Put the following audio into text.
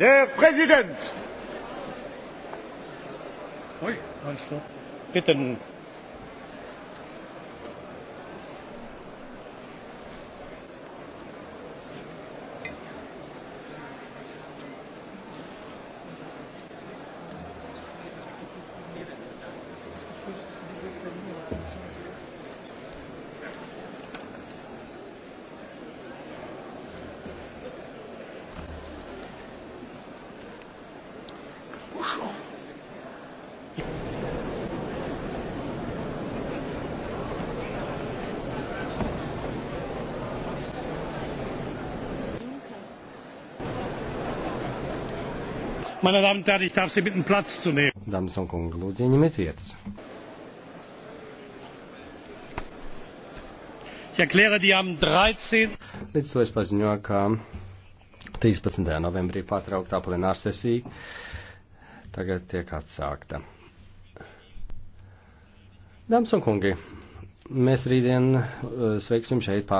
Der Präsident! Ui, meinst du? Bitte. Meine Damen und Herren, ich darf Sie bitten, Platz zu nehmen. Dāmas un kungi, lūdzu, ieņemiet vietas. Ich erkläre die am 13. Līdz to es paziņoju, ka 13. novembrī pārtrauktā plenārsesija tagad tiek atsākta. Dāmas un kungi, mēs rītdien eh, sveiksim šeit pār.